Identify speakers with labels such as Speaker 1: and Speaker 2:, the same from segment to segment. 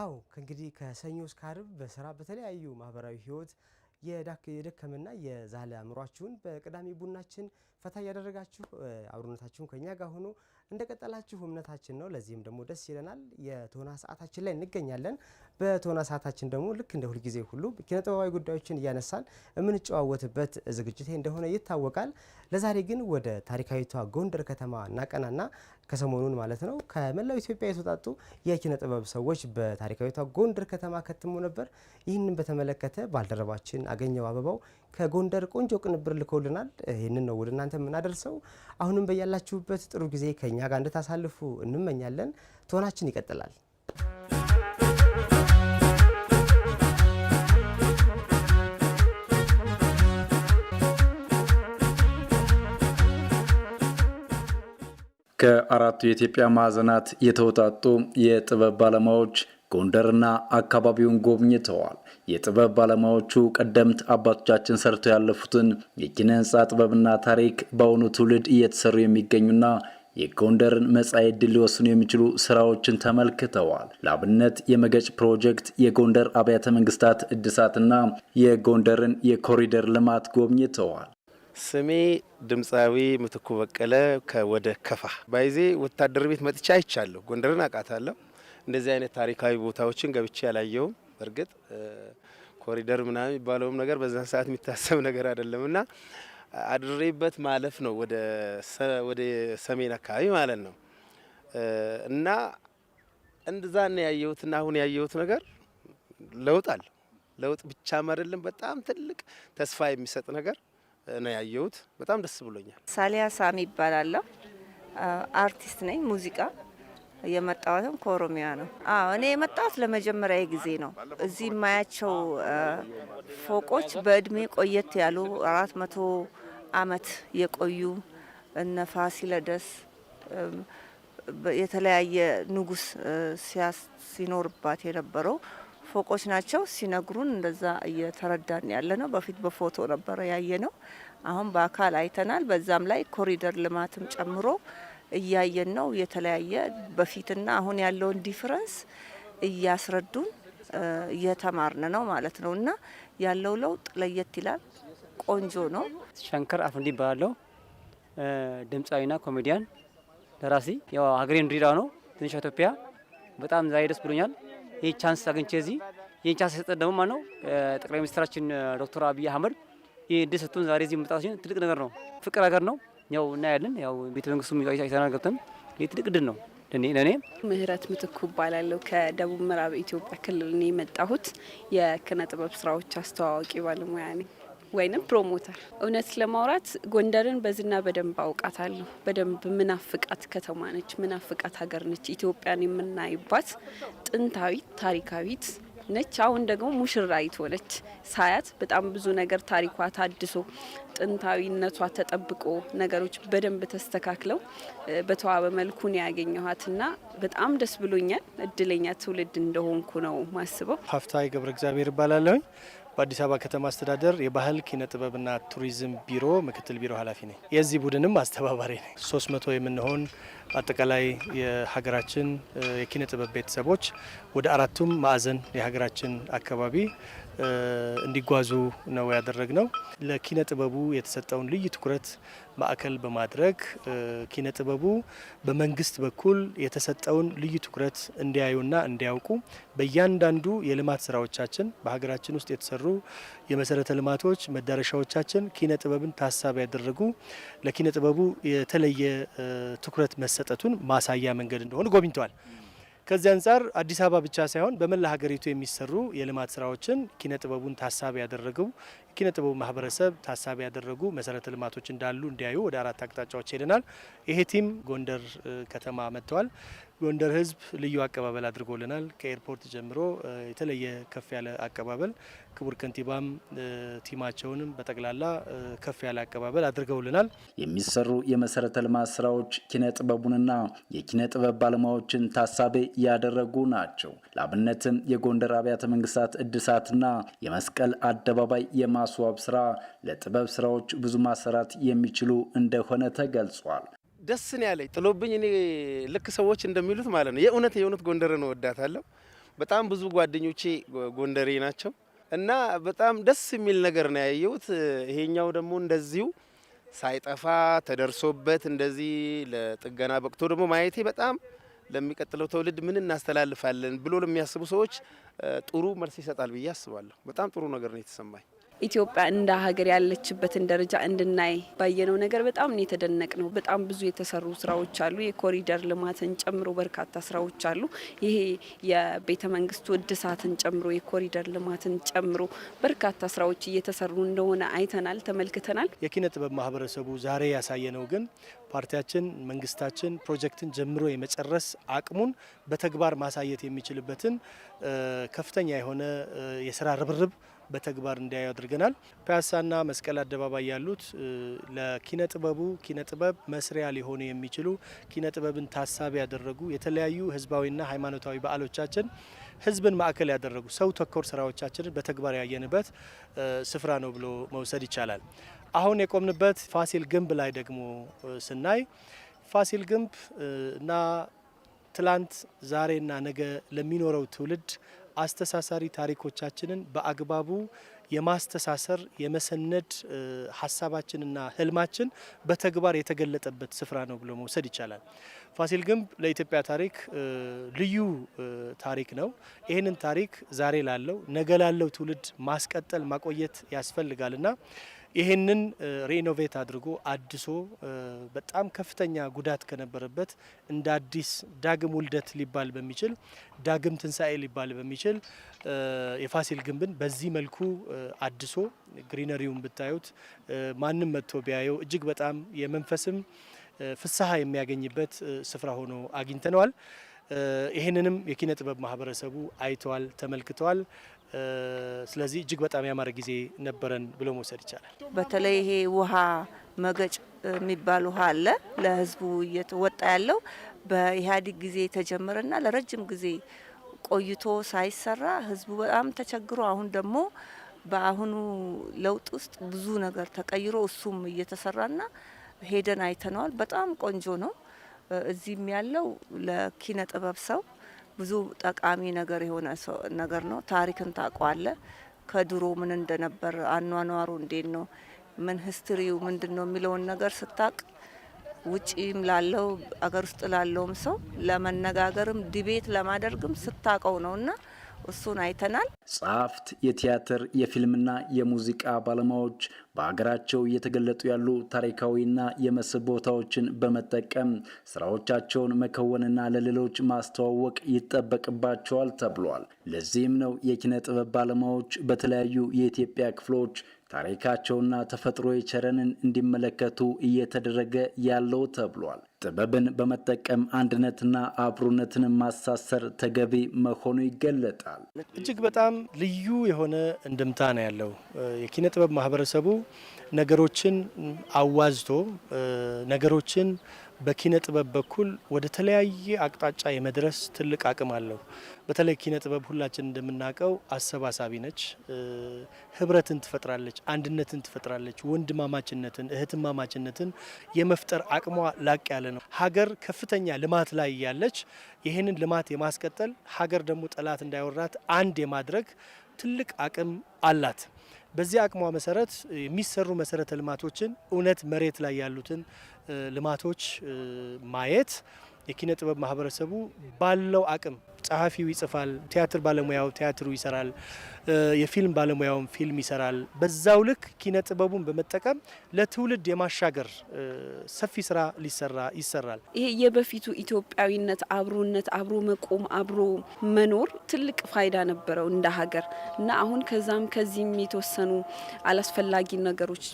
Speaker 1: አዎ ከእንግዲህ ከሰኞ እስከ አርብ በስራ በተለያዩ ማህበራዊ ህይወት የደከመና የዛለ አእምሯችሁን በቅዳሜ ቡናችን ፈታ እያደረጋችሁ አብሮነታችሁን ከኛ ጋር ሆኖ እንደቀጠላችሁ እምነታችን ነው። ለዚህም ደግሞ ደስ ይለናል። የቶና ሰዓታችን ላይ እንገኛለን። በተወና ሰዓታችን ደግሞ ልክ እንደ ሁልጊዜ ሁሉ ኪነጥበባዊ ጉዳዮችን እያነሳን የምንጨዋወትበት ዝግጅት እንደሆነ ይታወቃል። ለዛሬ ግን ወደ ታሪካዊቷ ጎንደር ከተማ እናቀናና ከሰሞኑን ማለት ነው ከመላው ኢትዮጵያ የተወጣጡ የኪነ ጥበብ ሰዎች በታሪካዊቷ ጎንደር ከተማ ከትሞ ነበር። ይህንን በተመለከተ ባልደረባችን አገኘው አበባው ከጎንደር ቆንጆ ቅንብር ልኮልናል። ይህንን ነው ወደ እናንተ የምናደርሰው። አሁንም በያላችሁበት ጥሩ ጊዜ ከእኛ ጋር እንድታሳልፉ እንመኛለን። ቶናችን ይቀጥላል።
Speaker 2: ከአራቱ የኢትዮጵያ ማዕዘናት የተውጣጡ የጥበብ ባለሙያዎች ጎንደርና አካባቢውን ጎብኝተዋል። የጥበብ ባለሙያዎቹ ቀደምት አባቶቻችን ሰርተው ያለፉትን የኪነ ሕንፃ ጥበብና ታሪክ በአሁኑ ትውልድ እየተሰሩ የሚገኙና የጎንደርን መጻኢ ዕድል ሊወስኑ የሚችሉ ስራዎችን ተመልክተዋል። ለአብነት የመገጭ ፕሮጀክት፣ የጎንደር አብያተ መንግስታት እድሳትና የጎንደርን የኮሪደር ልማት
Speaker 3: ጎብኝተዋል። ስሜ ድምፃዊ ምትኩ በቀለ ከወደ ከፋ ባይዜ ወታደር ቤት መጥቻ አይቻለሁ። ጎንደርን አውቃታለሁ። እንደዚህ አይነት ታሪካዊ ቦታዎችን ገብቼ ያላየውም። እርግጥ ኮሪደር ምናምን የሚባለውም ነገር በዛ ሰዓት የሚታሰብ ነገር አይደለም እና አድሬበት ማለፍ ነው ወደ ሰሜን አካባቢ ማለት ነው እና እንደዛን ያየሁትና አሁን ያየሁት ነገር ለውጥ አለ። ለውጥ ብቻም አይደለም፣ በጣም ትልቅ ተስፋ የሚሰጥ ነገር ነው ያየሁት። በጣም ደስ ብሎኛል።
Speaker 4: ሳሊያ ሳሚ ይባላለሁ። አርቲስት ነኝ። ሙዚቃ የመጣሁትም ከኦሮሚያ ነው። አዎ እኔ የመጣሁት ለመጀመሪያ ጊዜ ነው። እዚህ የማያቸው ፎቆች በእድሜ ቆየት ያሉ አራት መቶ አመት የቆዩ እነ ፋሲለደስ የተለያየ ንጉስ ሲኖርባት የነበረው ፎቆች ናቸው። ሲነግሩን እንደዛ እየተረዳን ያለ ነው። በፊት በፎቶ ነበረ ያየ ነው። አሁን በአካል አይተናል። በዛም ላይ ኮሪደር ልማትም ጨምሮ እያየን ነው። የተለያየ በፊትና አሁን ያለውን ዲፍረንስ እያስረዱን እየተማርን ነው ማለት ነው። እና ያለው ለውጥ ለየት ይላል። ቆንጆ ነው።
Speaker 1: ሸንከር አፍንዲ ባለው ድምፃዊና ኮሜዲያን ደራሲ። ያው ሀገሬ ድሬዳዋ ነው። ትንሽ ኢትዮጵያ በጣም ዛሬ ደስ ብሎኛል። ይህ ቻንስ አግኝቼ እዚህ ይህ ቻንስ የሰጠ ደግሞ ማነው? ጠቅላይ ሚኒስትራችን ዶክተር አብይ አህመድ ይህ እድል ሰጥቶን ዛሬ እዚህ መምጣታችን ትልቅ ነገር ነው። ፍቅር ሀገር ነው። ያው እናያለን። ያው ቤተ መንግስቱም አይተናል ገብተን ይህ ትልቅ ድል ነው ለእኔ።
Speaker 5: ምህረት ምትኩ እባላለሁ። ከደቡብ ምዕራብ ኢትዮጵያ ክልል ነው የመጣሁት። የኪነ ጥበብ ስራዎች አስተዋዋቂ ባለሙያ ነኝ። ወይንም ፕሮሞተር። እውነት ለማውራት ጎንደርን በዝና በደንብ አውቃታለሁ። በደንብ ምናፍቃት ከተማ ነች፣ ምናፍቃት ሀገር ነች። ኢትዮጵያን የምናይባት ጥንታዊት ታሪካዊት ነች። አሁን ደግሞ ሙሽራይት ሆነች። ሳያት በጣም ብዙ ነገር ታሪኳ ታድሶ ጥንታዊነቷ ተጠብቆ ነገሮች በደንብ ተስተካክለው በተዋበ መልኩ ነው ያገኘኋትና በጣም ደስ ብሎኛል። እድለኛ ትውልድ እንደሆንኩ ነው ማስበው።
Speaker 6: ሀፍታዊ ገብረ እግዚአብሔር ይባላለሁኝ። በአዲስ አበባ ከተማ አስተዳደር የባህል ኪነ ጥበብና ቱሪዝም ቢሮ ምክትል ቢሮ ኃላፊ ነኝ። የዚህ ቡድንም አስተባባሪ ነኝ። ሶስት መቶ የምንሆን አጠቃላይ የሀገራችን የኪነ ጥበብ ቤተሰቦች ወደ አራቱም ማዕዘን የሀገራችን አካባቢ እንዲጓዙ ነው ያደረግ ነው። ለኪነ ጥበቡ የተሰጠውን ልዩ ትኩረት ማዕከል በማድረግ ኪነ ጥበቡ በመንግስት በኩል የተሰጠውን ልዩ ትኩረት እንዲያዩና እንዲያውቁ በእያንዳንዱ የልማት ስራዎቻችን በሀገራችን ውስጥ የተሰሩ የመሰረተ ልማቶች መዳረሻዎቻችን ኪነ ጥበብን ታሳቢ ያደረጉ ለኪነ ጥበቡ የተለየ ትኩረት መሰጠቱን ማሳያ መንገድ እንደሆኑ ጎብኝተዋል። ከዚህ አንጻር አዲስ አበባ ብቻ ሳይሆን በመላ ሀገሪቱ የሚሰሩ የልማት ስራዎችን ኪነ ጥበቡን ታሳቢ ያደረጉ ኪነ ጥበቡ ማህበረሰብ ታሳቢ ያደረጉ መሰረተ ልማቶች እንዳሉ እንዲያዩ ወደ አራት አቅጣጫዎች ሄደናል። ይሄ ቲም ጎንደር ከተማ መጥተዋል። ጎንደር ህዝብ ልዩ አቀባበል አድርጎልናል። ከኤርፖርት ጀምሮ የተለየ ከፍ ያለ አቀባበል፣ ክቡር ከንቲባም ቲማቸውንም በጠቅላላ ከፍ ያለ አቀባበል አድርገውልናል።
Speaker 2: የሚሰሩ የመሰረተ ልማት ስራዎች ኪነ ጥበቡንና የኪነ ጥበብ ባለሙያዎችን ታሳቢ ያደረጉ ናቸው። ለአብነትም የጎንደር አብያተ መንግስታት እድሳትና የመስቀል አደባባይ የማስዋብ ስራ ለጥበብ ስራዎች ብዙ ማሰራት የሚችሉ እንደሆነ ተገልጿል።
Speaker 3: ደስ ነው ያለኝ። ጥሎብኝ እኔ ልክ ሰዎች እንደሚሉት ማለት ነው የእውነት የእውነት ጎንደርን እወዳታለሁ። በጣም ብዙ ጓደኞቼ ጎንደሬ ናቸው እና በጣም ደስ የሚል ነገር ነው ያየሁት። ይሄኛው ደግሞ እንደዚሁ ሳይጠፋ ተደርሶበት እንደዚህ ለጥገና በቅቶ ደግሞ ማየቴ በጣም ለሚቀጥለው ትውልድ ምን እናስተላልፋለን ብሎ ለሚያስቡ ሰዎች ጥሩ መልስ ይሰጣል ብዬ አስባለሁ። በጣም ጥሩ ነገር ነው የተሰማኝ።
Speaker 5: ኢትዮጵያ እንደ ሀገር ያለችበትን ደረጃ እንድናይ ባየነው ነገር በጣም ነው የተደነቅ ነው። በጣም ብዙ የተሰሩ ስራዎች አሉ። የኮሪደር ልማትን ጨምሮ በርካታ ስራዎች አሉ። ይሄ የቤተ መንግስቱ እድሳትን ጨምሮ የኮሪደር ልማትን ጨምሮ በርካታ ስራዎች እየተሰሩ እንደሆነ አይተናል፣ ተመልክተናል።
Speaker 6: የኪነ ጥበብ ማህበረሰቡ ዛሬ ያሳየነው ግን ፓርቲያችን፣ መንግስታችን ፕሮጀክትን ጀምሮ የመጨረስ አቅሙን በተግባር ማሳየት የሚችልበትን ከፍተኛ የሆነ የስራ ርብርብ በተግባር እንዲያዩ አድርገናል። ፒያሳና መስቀል አደባባይ ያሉት ለኪነ ጥበቡ ኪነ ጥበብ መስሪያ ሊሆኑ የሚችሉ ኪነ ጥበብን ታሳቢ ያደረጉ የተለያዩ ህዝባዊና ሃይማኖታዊ በዓሎቻችን ህዝብን ማዕከል ያደረጉ ሰው ተኮር ስራዎቻችንን በተግባር ያየንበት ስፍራ ነው ብሎ መውሰድ ይቻላል። አሁን የቆምንበት ፋሲል ግንብ ላይ ደግሞ ስናይ ፋሲል ግንብ እና ትላንት ዛሬና ነገ ለሚኖረው ትውልድ አስተሳሳሪ ታሪኮቻችንን በአግባቡ የማስተሳሰር የመሰነድ ሀሳባችንና ህልማችን በተግባር የተገለጠበት ስፍራ ነው ብሎ መውሰድ ይቻላል። ፋሲል ግንብ ለኢትዮጵያ ታሪክ ልዩ ታሪክ ነው። ይህንን ታሪክ ዛሬ ላለው ነገ ላለው ትውልድ ማስቀጠል ማቆየት ያስፈልጋልና ይሄንን ሬኖቬት አድርጎ አድሶ በጣም ከፍተኛ ጉዳት ከነበረበት እንደ አዲስ ዳግም ውልደት ሊባል በሚችል ዳግም ትንሣኤ ሊባል በሚችል የፋሲል ግንብን በዚህ መልኩ አድሶ ግሪነሪውን ብታዩት ማንም መጥቶ ቢያየው እጅግ በጣም የመንፈስም ፍስሐ የሚያገኝበት ስፍራ ሆኖ አግኝተነዋል። ይህንንም የኪነ ጥበብ ማህበረሰቡ አይተዋል፣ ተመልክተዋል። ስለዚህ እጅግ በጣም ያማረ ጊዜ ነበረን ብሎ መውሰድ ይቻላል።
Speaker 4: በተለይ ይሄ ውሃ መገጭ የሚባል ውሃ አለ ለህዝቡ እየተወጣ ያለው በኢህአዴግ ጊዜ የተጀመረና ለረጅም ጊዜ ቆይቶ ሳይሰራ ህዝቡ በጣም ተቸግሮ አሁን ደግሞ በአሁኑ ለውጥ ውስጥ ብዙ ነገር ተቀይሮ እሱም እየተሰራና ሄደን አይተነዋል። በጣም ቆንጆ ነው። እዚህም ያለው ለኪነ ጥበብ ሰው ብዙ ጠቃሚ ነገር የሆነ ነገር ነው። ታሪክን ታቋለ ከድሮ ምን እንደነበር አኗኗሩ እንዴት ነው ምን ሂስትሪው ምንድን ነው የሚለውን ነገር ስታቅ ውጪም ላለው አገር ውስጥ ላለውም ሰው ለመነጋገርም ዲቤት ለማደርግም ስታቀው እና። እሱን አይተናል።
Speaker 2: ጸሐፍት፣ የቲያትር የፊልምና የሙዚቃ ባለሙያዎች በሀገራቸው እየተገለጡ ያሉ ታሪካዊና የመስህብ ቦታዎችን በመጠቀም ስራዎቻቸውን መከወንና ለሌሎች ማስተዋወቅ ይጠበቅባቸዋል ተብሏል። ለዚህም ነው የኪነ ጥበብ ባለሙያዎች በተለያዩ የኢትዮጵያ ክፍሎች ታሪካቸውና ተፈጥሮ የቸረንን እንዲመለከቱ እየተደረገ ያለው ተብሏል። ጥበብን በመጠቀም አንድነትና አብሮነትን ማሳሰር ተገቢ መሆኑ ይገለጣል።
Speaker 6: እጅግ በጣም ልዩ የሆነ እንድምታ ነው ያለው። የኪነ ጥበብ ማህበረሰቡ ነገሮችን አዋዝቶ ነገሮችን በኪነ ጥበብ በኩል ወደ ተለያየ አቅጣጫ የመድረስ ትልቅ አቅም አለው። በተለይ ኪነ ጥበብ ሁላችን እንደምናውቀው አሰባሳቢ ነች። ህብረትን ትፈጥራለች፣ አንድነትን ትፈጥራለች፣ ወንድማማችነትን፣ እህትማማችነትን የመፍጠር አቅሟ ላቅ ያለ ነው። ሀገር ከፍተኛ ልማት ላይ ያለች ይህንን ልማት የማስቀጠል ሀገር ደግሞ ጠላት እንዳይወራት አንድ የማድረግ ትልቅ አቅም አላት። በዚህ አቅሟ መሰረት የሚሰሩ መሰረተ ልማቶችን እውነት መሬት ላይ ያሉትን ልማቶች ማየት የኪነ ጥበብ ማህበረሰቡ ባለው አቅም ጸሐፊው ይጽፋል፣ ቲያትር ባለሙያው ቲያትሩ ይሰራል፣ የፊልም ባለሙያውም ፊልም ይሰራል። በዛው ልክ ኪነ ጥበቡን በመጠቀም ለትውልድ የማሻገር ሰፊ ስራ ሊሰራ ይሰራል።
Speaker 5: ይሄ የበፊቱ ኢትዮጵያዊነት፣ አብሮነት፣ አብሮ መቆም፣ አብሮ መኖር ትልቅ ፋይዳ ነበረው እንደ ሀገር እና አሁን ከዛም ከዚህም የተወሰኑ አላስፈላጊ ነገሮች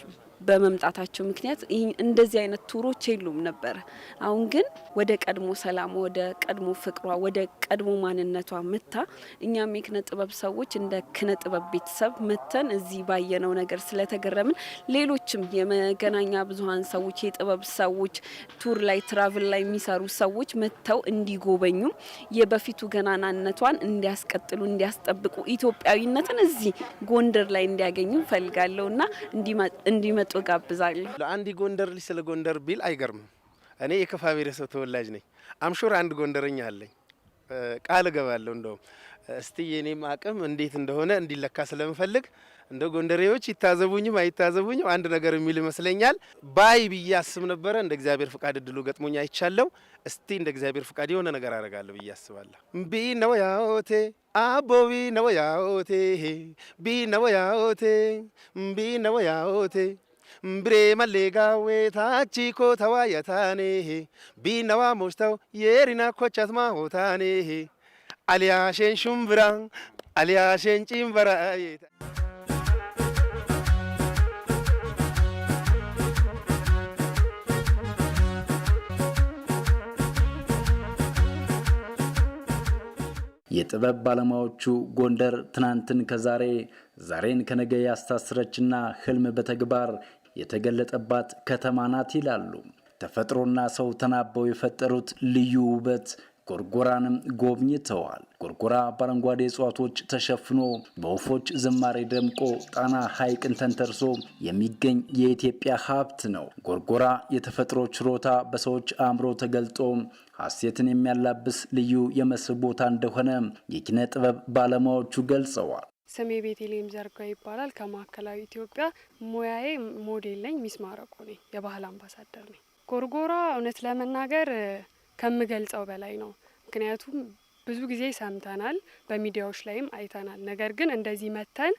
Speaker 5: በመምጣታቸው ምክንያት እንደዚህ አይነት ቱሮች የሉም ነበር። አሁን ግን ወደ ቀድሞ ሰላሟ፣ ወደ ቀድሞ ፍቅሯ፣ ወደ ቀድሞ ማንነቷ መታ እኛም የኪነ ጥበብ ሰዎች እንደ ኪነ ጥበብ ቤተሰብ መተን እዚህ ባየነው ነገር ስለተገረምን ሌሎችም የመገናኛ ብዙሀን ሰዎች የጥበብ ሰዎች ቱር ላይ ትራቭል ላይ የሚሰሩ ሰዎች መጥተው እንዲጎበኙ የበፊቱ ገናናነቷን እንዲያስቀጥሉ እንዲያስጠብቁ ኢትዮጵያዊነትን እዚህ ጎንደር ላይ እንዲያገኙ ፈልጋለሁ እና እንዲመጡ
Speaker 3: ጋብዛለሁ። ለአንድ ጎንደር ልጅ ስለ ጎንደር ቢል አይገርምም። እኔ የከፋ ብሔረሰብ ተወላጅ ነኝ። አምሹር አንድ ጎንደረኛ አለኝ። ቃል እገባለሁ። እንደውም እስቲ የኔም አቅም እንዴት እንደሆነ እንዲለካ ስለምፈልግ እንደ ጎንደሬዎች ይታዘቡኝም አይታዘቡኝም አንድ ነገር የሚል ይመስለኛል። ባይ ብዬ አስብ ነበረ። እንደ እግዚአብሔር ፍቃድ እድሉ ገጥሞኝ አይቻለሁ። እስቲ እንደ እግዚአብሔር ፍቃድ የሆነ ነገር አደርጋለሁ ብዬ አስባለሁ። ቢ ነው ያወቴ አቦ ቢ ነው ያወቴ ቢ ነው ያወቴ ቢ ነው ያወቴ ብሬመሌጋዌታቺ ኮተዋየታኔሄ ቢነዋ ሞሽተው የሪና ኮቻትማ ሆታኔሄ አልያሼን ሹምብራ አልያሼን ጪምበራ
Speaker 2: የጥበብ ባለሙያዎቹ ጎንደር ትናንትን ከዛሬ ዛሬን ከነገ ያስታስረችና ህልም በተግባር የተገለጠባት ከተማ ናት ይላሉ። ተፈጥሮና ሰው ተናበው የፈጠሩት ልዩ ውበት ጎርጎራንም ጎብኝተዋል። ጎርጎራ በአረንጓዴ እጽዋቶች ተሸፍኖ በወፎች ዝማሬ ደምቆ ጣና ሐይቅን ተንተርሶ የሚገኝ የኢትዮጵያ ሀብት ነው። ጎርጎራ የተፈጥሮ ችሮታ በሰዎች አእምሮ ተገልጦ ሐሴትን የሚያላብስ ልዩ የመስህብ ቦታ እንደሆነ የኪነ ጥበብ ባለሙያዎቹ
Speaker 7: ገልጸዋል። ስሜ ቤቴሌም ዘርጋ ይባላል። ከማዕከላዊ ኢትዮጵያ። ሙያዬ ሞዴል ነኝ። ሚስማረቁ ነኝ። የባህል አምባሳደር ነኝ። ጎርጎራ እውነት ለመናገር ከምገልጸው በላይ ነው። ምክንያቱም ብዙ ጊዜ ሰምተናል፣ በሚዲያዎች ላይም አይተናል። ነገር ግን እንደዚህ መተን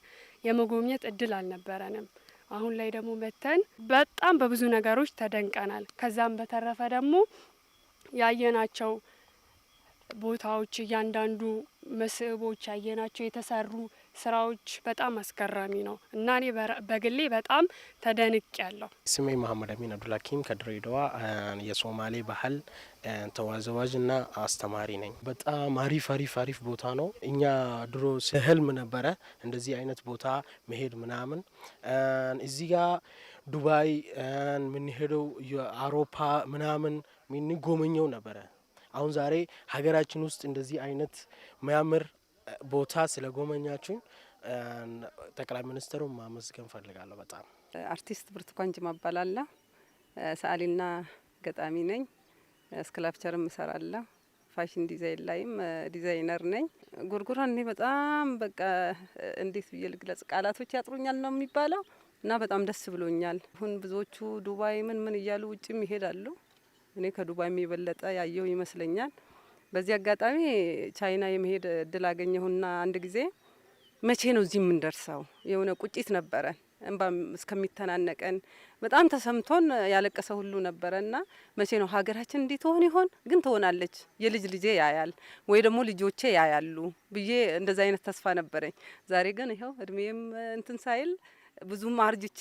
Speaker 7: የመጎብኘት እድል አልነበረንም። አሁን ላይ ደግሞ መተን በጣም በብዙ ነገሮች ተደንቀናል። ከዛም በተረፈ ደግሞ ያየናቸው ቦታዎች እያንዳንዱ መስህቦች ያየናቸው የተሰሩ ስራዎች በጣም አስገራሚ ነው እና እኔ በግሌ በጣም ተደንቅ ያለው።
Speaker 6: ስሜ መሀመድ አሚን አብዱልሀኪም ከድሬዳዋ የሶማሌ ባህል ተዋዘዋዥ እና አስተማሪ ነኝ። በጣም አሪፍ አሪፍ አሪፍ ቦታ ነው። እኛ ድሮ ህልም ነበረ እንደዚህ አይነት ቦታ መሄድ ምናምን። እዚህ ጋ ዱባይ የምንሄደው አውሮፓ ምናምን የምንጎመኘው ነበረ። አሁን ዛሬ ሀገራችን ውስጥ እንደዚህ አይነት ሚያምር ቦታ ስለጎመኛችሁኝ ጠቅላይ ሚኒስትሩን ማመስገን ፈልጋለሁ። በጣም አርቲስት ብርቱካን
Speaker 8: ጅማ እባላለሁ። ሰዓሊና ገጣሚ ነኝ። ስክላፕቸርም እሰራለሁ። ፋሽን ዲዛይን ላይም ዲዛይነር ነኝ። ጎርጎራ እኔ በጣም በቃ እንዴት ብዬ ልግለጽ፣ ቃላቶች ያጥሩኛል ነው የሚባለው እና በጣም ደስ ብሎኛል። አሁን ብዙዎቹ ዱባይ ምን ምን እያሉ ውጭም ይሄዳሉ። እኔ ከዱባይ የበለጠ ያየው ይመስለኛል። በዚህ አጋጣሚ ቻይና የመሄድ እድል አገኘሁና አንድ ጊዜ መቼ ነው እዚህ የምንደርሰው የሆነ ቁጭት ነበረን። እንባ እስከሚተናነቀን በጣም ተሰምቶን ያለቀሰ ሁሉ ነበረና መቼ ነው ሀገራችን እንዲህ ትሆን ይሆን? ግን ትሆናለች፣ የልጅ ልጄ ያያል ወይ ደግሞ ልጆቼ ያያሉ ብዬ እንደዚ አይነት ተስፋ ነበረኝ። ዛሬ ግን ይኸው እድሜም እንትን ሳይል ብዙም አርጅቼ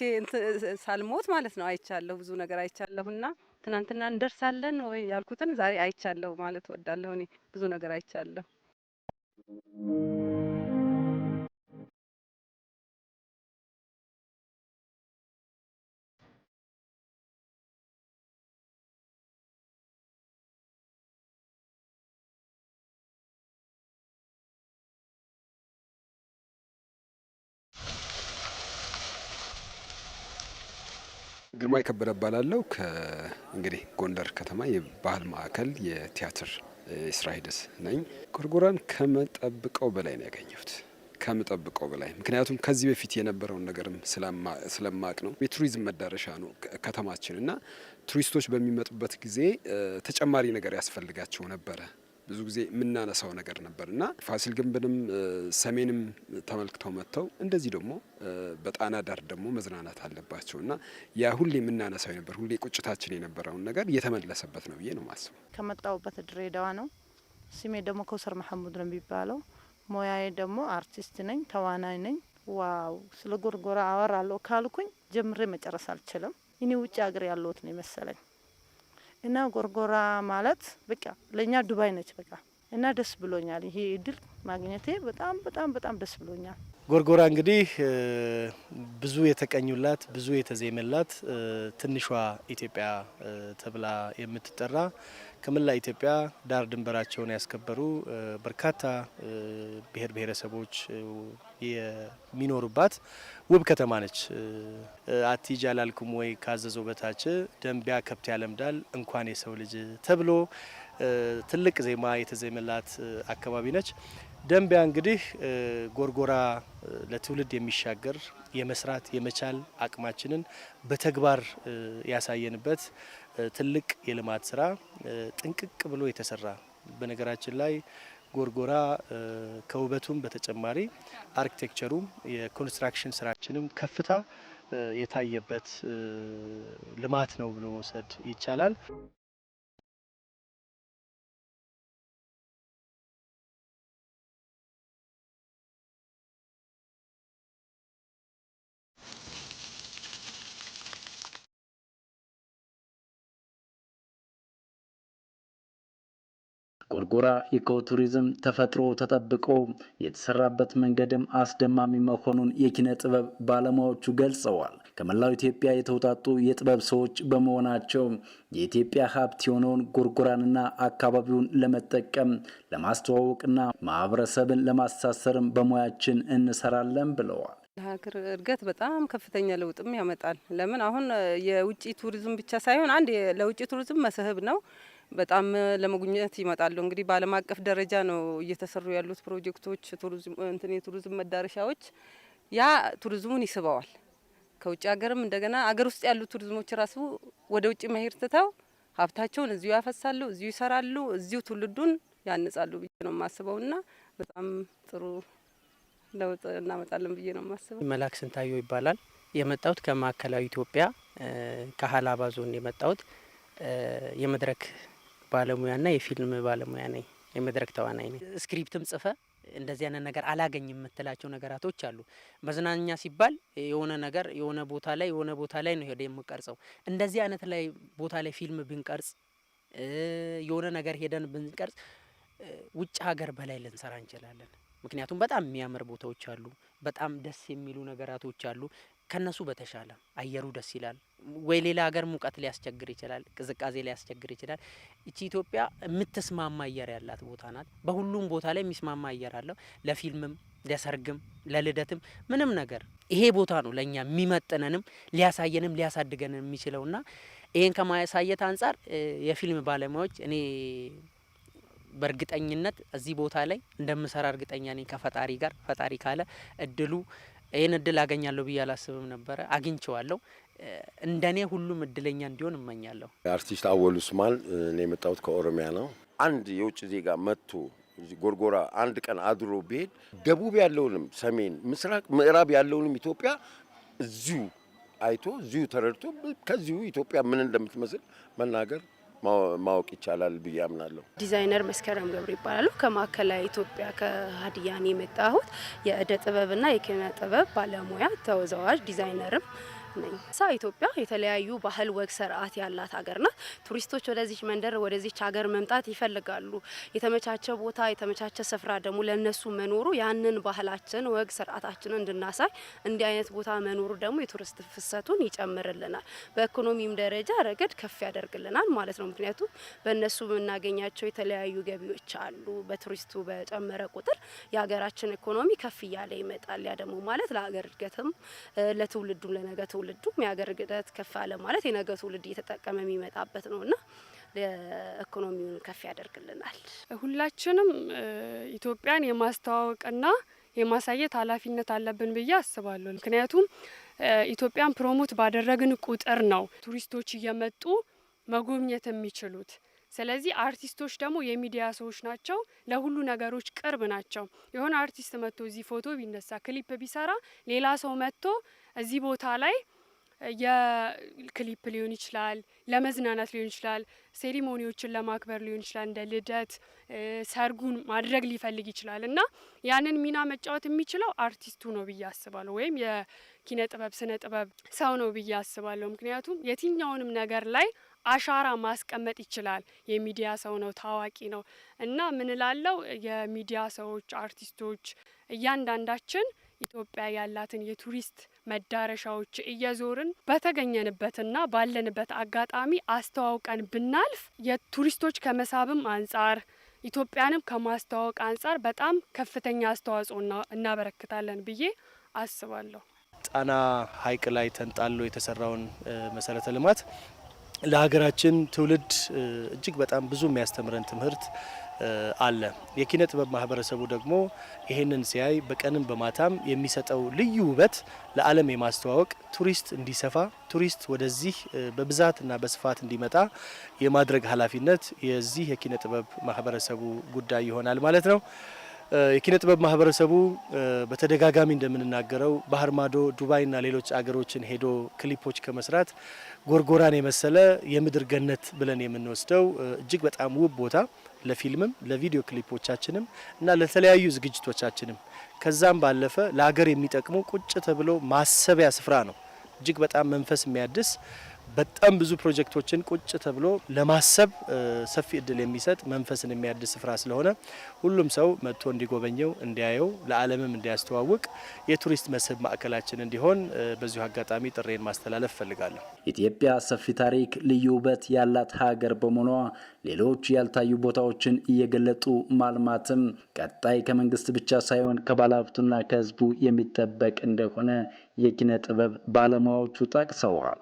Speaker 8: ሳልሞት ማለት ነው አይቻለሁ፣ ብዙ ነገር አይቻለሁና ትናንትና እንደርሳለን ወይ ያልኩትን ዛሬ አይቻለሁ ማለት ወዳለሁ። እኔ ብዙ ነገር አይቻለሁ።
Speaker 2: ግርማ የከበደ እባላለሁ። እንግዲህ ጎንደር ከተማ የባህል ማዕከል የቲያትር የስራ ሂደት ነኝ። ጎርጎራን ከመጠብቀው በላይ ነው ያገኘሁት ከምጠብቀው በላይ ምክንያቱም ከዚህ በፊት የነበረውን ነገርም ስለማቅ ነው። የቱሪዝም መዳረሻ ነው ከተማችን እና ቱሪስቶች በሚመጡበት ጊዜ ተጨማሪ ነገር ያስፈልጋቸው ነበረ። ብዙ ጊዜ የምናነሳው ነገር ነበር እና ፋሲል ግንብንም ሰሜንም ተመልክተው መጥተው እንደዚህ ደግሞ በጣና ዳር ደግሞ መዝናናት አለባቸው እና ያ ሁሌ የምናነሳው ነበር። ሁሌ ቁጭታችን የነበረውን ነገር እየተመለሰበት ነው ብዬ ነው ማስበው።
Speaker 4: ከመጣሁበት ድሬዳዋ ነው። ስሜ ደግሞ ከውሰር መሐሙድ ነው የሚባለው። ሞያዬ ደግሞ አርቲስት ነኝ፣ ተዋናይ ነኝ። ዋው ስለ ጎርጎራ አወራለሁ ካልኩኝ ጀምሬ መጨረስ አልችልም። እኔ ውጭ ሀገር ያለሁት ነው ይመሰለኝ። እና ጎርጎራ ማለት በቃ ለእኛ ዱባይ ነች በቃ እና ደስ ብሎኛል። ይሄ እድል ማግኘቴ በጣም በጣም በጣም ደስ ብሎኛል።
Speaker 6: ጎርጎራ እንግዲህ ብዙ የተቀኙላት ብዙ የተዜመላት ትንሿ ኢትዮጵያ ተብላ የምትጠራ ከመላ ኢትዮጵያ ዳር ድንበራቸውን ያስከበሩ በርካታ ብሔር ብሔረሰቦች የሚኖሩባት ውብ ከተማ ነች። አቲጃ ላልኩም ወይ ካዘዞ በታች ደንቢያ ከብት ያለምዳል እንኳን የሰው ልጅ ተብሎ ትልቅ ዜማ የተዜመላት አካባቢ ነች። ደንቢያ እንግዲህ ጎርጎራ ለትውልድ የሚሻገር የመስራት የመቻል አቅማችንን በተግባር ያሳየንበት ትልቅ የልማት ስራ ጥንቅቅ ብሎ የተሰራ በነገራችን ላይ ጎርጎራ ከውበቱም በተጨማሪ አርኪቴክቸሩም የኮንስትራክሽን ስራችንም ከፍታ የታየበት ልማት ነው ብሎ መውሰድ ይቻላል። ጎርጎራ ኢኮቱሪዝም ተፈጥሮ ተጠብቆ የተሰራበት መንገድም
Speaker 2: አስደማሚ መሆኑን የኪነ ጥበብ ባለሙያዎቹ ገልጸዋል። ከመላው ኢትዮጵያ የተውጣጡ የጥበብ ሰዎች በመሆናቸው የኢትዮጵያ ሀብት የሆነውን ጎርጎራንና አካባቢውን ለመጠቀም ለማስተዋወቅና ማህበረሰብን ለማሳሰርም በሙያችን እንሰራለን ብለዋል።
Speaker 8: ለሀገር እድገት በጣም ከፍተኛ ለውጥም ያመጣል። ለምን አሁን የውጭ ቱሪዝም ብቻ ሳይሆን አንድ ለውጭ ቱሪዝም መስህብ ነው። በጣም ለመጉኘት ይመጣሉ። እንግዲህ በዓለም አቀፍ ደረጃ ነው እየተሰሩ ያሉት ፕሮጀክቶች ቱሪዝም እንትን የቱሪዝም መዳረሻዎች ያ ቱሪዝሙን ይስበዋል። ከውጭ ሀገርም እንደገና አገር ውስጥ ያሉ ቱሪዝሞች ራሱ ወደ ውጭ መሄድ ትተው ሀብታቸውን እዚሁ ያፈሳሉ፣ እዚሁ ይሰራሉ፣ እዚሁ ትውልዱን ያንጻሉ ብዬ ነው የማስበው ና በጣም ጥሩ ለውጥ እናመጣለን ብዬ ነው የማስበው።
Speaker 1: መላክ ስንታየው ይባላል። የመጣሁት ከማዕከላዊ ኢትዮጵያ ከሀላባ ዞን የመጣሁት የመድረክ ባለሙያና የፊልም ባለሙያ ነኝ። የመድረክ ተዋናይ ነኝ። ስክሪፕትም ጽፈ እንደዚህ አይነት ነገር አላገኝም የምትላቸው ነገራቶች አሉ። መዝናኛ ሲባል የሆነ ነገር የሆነ ቦታ ላይ የሆነ ቦታ ላይ ነው ሄደ የምቀርጸው። እንደዚህ አይነት ላይ ቦታ ላይ ፊልም ብንቀርጽ የሆነ ነገር ሄደን ብንቀርጽ ውጭ ሀገር በላይ ልንሰራ እንችላለን። ምክንያቱም በጣም የሚያምር ቦታዎች አሉ። በጣም ደስ የሚሉ ነገራቶች አሉ። ከነሱ በተሻለ አየሩ ደስ ይላል ወይ ሌላ ሀገር ሙቀት ሊያስቸግር ይችላል፣ ቅዝቃዜ ሊያስቸግር ይችላል። እቺ ኢትዮጵያ የምትስማማ አየር ያላት ቦታ ናት። በሁሉም ቦታ ላይ የሚስማማ አየር አለው። ለፊልምም፣ ለሰርግም፣ ለልደትም ምንም ነገር ይሄ ቦታ ነው ለእኛ የሚመጥነንም ሊያሳየንም ሊያሳድገንም ና ይህን ከማሳየት አንጻር የፊልም ባለሙያዎች እኔ በእርግጠኝነት እዚህ ቦታ ላይ እንደምሰራ እርግጠኛ ነኝ ከፈጣሪ ጋር ፈጣሪ ካለ እድሉ ይህን እድል አገኛለሁ ብዬ አላስብም ነበረ። አግኝቸዋለሁ እንደኔ ሁሉም እድለኛ እንዲሆን እመኛለሁ።
Speaker 3: አርቲስት አወሉ ስማል፣ እኔ የመጣሁት ከኦሮሚያ ነው። አንድ የውጭ ዜጋ መጥቶ ጎርጎራ አንድ ቀን አድሮ ብሄድ ደቡብ ያለውንም ሰሜን፣ ምስራቅ፣ ምዕራብ ያለውንም ኢትዮጵያ እዚሁ አይቶ እዚሁ ተረድቶ ከዚሁ ኢትዮጵያ ምን እንደምትመስል መናገር ማወቅ ይቻላል ብዬ አምናለሁ።
Speaker 8: ዲዛይነር መስከረም ገብሩ ይባላሉ። ከማዕከላዊ ኢትዮጵያ ከሀዲያን የመጣሁት የእደ ጥበብና የኪነ ጥበብ ባለሙያ ተወዛዋዥ ዲዛይነርም ነኝ። ሳ ኢትዮጵያ የተለያዩ ባህል፣ ወግ፣ ስርዓት ያላት ሀገር ናት። ቱሪስቶች ወደዚች መንደር ወደዚች ሀገር መምጣት ይፈልጋሉ። የተመቻቸ ቦታ የተመቻቸ ስፍራ ደግሞ ለነሱ መኖሩ ያንን ባህላችን፣ ወግ፣ ስርዓታችንን እንድናሳይ እንዲህ አይነት ቦታ መኖሩ ደግሞ የቱሪስት ፍሰቱን ይጨምርልናል። በኢኮኖሚም ደረጃ ረገድ ከፍ ያደርግልናል ማለት ነው። ምክንያቱም በእነሱ የምናገኛቸው የተለያዩ ገቢዎች አሉ። በቱሪስቱ በጨመረ ቁጥር የሀገራችን ኢኮኖሚ ከፍ እያለ ይመጣል። ያ ደግሞ ማለት ለሀገር እድገትም ለትውልዱ ለነገ ትውልድ ትውልዱ የሀገር ግደት ከፍ አለ ማለት የነገ ትውልድ እየተጠቀመ የሚመጣበት ነው እና ኢኮኖሚውን ከፍ ያደርግልናል።
Speaker 7: ሁላችንም ኢትዮጵያን የማስተዋወቅና የማሳየት ኃላፊነት አለብን ብዬ አስባለሁ። ምክንያቱም ኢትዮጵያን ፕሮሞት ባደረግን ቁጥር ነው ቱሪስቶች እየመጡ መጎብኘት የሚችሉት። ስለዚህ አርቲስቶች ደግሞ የሚዲያ ሰዎች ናቸው፣ ለሁሉ ነገሮች ቅርብ ናቸው። የሆነ አርቲስት መጥቶ እዚህ ፎቶ ቢነሳ ክሊፕ ቢሰራ ሌላ ሰው መጥቶ እዚህ ቦታ ላይ የክሊፕ ሊሆን ይችላል፣ ለመዝናናት ሊሆን ይችላል፣ ሴሪሞኒዎችን ለማክበር ሊሆን ይችላል፣ እንደ ልደት፣ ሰርጉን ማድረግ ሊፈልግ ይችላል እና ያንን ሚና መጫወት የሚችለው አርቲስቱ ነው ብዬ አስባለሁ፣ ወይም የኪነ ጥበብ ስነ ጥበብ ሰው ነው ብዬ አስባለሁ። ምክንያቱም የትኛውንም ነገር ላይ አሻራ ማስቀመጥ ይችላል። የሚዲያ ሰው ነው፣ ታዋቂ ነው እና ምንላለው የሚዲያ ሰዎች አርቲስቶች እያንዳንዳችን ኢትዮጵያ ያላትን የቱሪስት መዳረሻዎች እየዞርን በተገኘንበትና ባለንበት አጋጣሚ አስተዋውቀን ብናልፍ የቱሪስቶች ከመሳብም አንጻር ኢትዮጵያንም ከማስተዋወቅ አንጻር በጣም ከፍተኛ አስተዋጽኦ እናበረክታለን ብዬ አስባለሁ።
Speaker 6: ጣና ሐይቅ ላይ ተንጣሎ የተሰራውን መሰረተ ልማት ለሀገራችን ትውልድ እጅግ በጣም ብዙ የሚያስተምረን ትምህርት አለ። የኪነ ጥበብ ማህበረሰቡ ደግሞ ይሄንን ሲያይ በቀንም በማታም የሚሰጠው ልዩ ውበት ለዓለም የማስተዋወቅ ቱሪስት እንዲሰፋ ቱሪስት ወደዚህ በብዛትና በስፋት እንዲመጣ የማድረግ ኃላፊነት የዚህ የኪነ ጥበብ ማህበረሰቡ ጉዳይ ይሆናል ማለት ነው። የኪነ ጥበብ ማህበረሰቡ በተደጋጋሚ እንደምንናገረው ባህር ማዶ ዱባይና ሌሎች አገሮችን ሄዶ ክሊፖች ከመስራት ጎርጎራን የመሰለ የምድር ገነት ብለን የምንወስደው እጅግ በጣም ውብ ቦታ ለፊልምም ለቪዲዮ ክሊፖቻችንም እና ለተለያዩ ዝግጅቶቻችንም ከዛም ባለፈ ለሀገር የሚጠቅሙ ቁጭ ተብሎ ማሰቢያ ስፍራ ነው። እጅግ በጣም መንፈስ የሚያድስ በጣም ብዙ ፕሮጀክቶችን ቁጭ ተብሎ ለማሰብ ሰፊ እድል የሚሰጥ መንፈስን የሚያድስ ስፍራ ስለሆነ ሁሉም ሰው መጥቶ እንዲጎበኘው፣ እንዲያየው፣ ለዓለምም እንዲያስተዋውቅ የቱሪስት መስህብ ማዕከላችን እንዲሆን በዚሁ አጋጣሚ ጥሬን ማስተላለፍ ፈልጋለሁ።
Speaker 2: ኢትዮጵያ ሰፊ ታሪክ፣ ልዩ ውበት ያላት ሀገር በመሆኗ ሌሎች ያልታዩ ቦታዎችን እየገለጡ ማልማትም ቀጣይ ከመንግስት ብቻ ሳይሆን ከባለሀብቱና ከህዝቡ
Speaker 6: የሚጠበቅ እንደሆነ የኪነ ጥበብ ባለሙያዎቹ ጠቅሰዋል።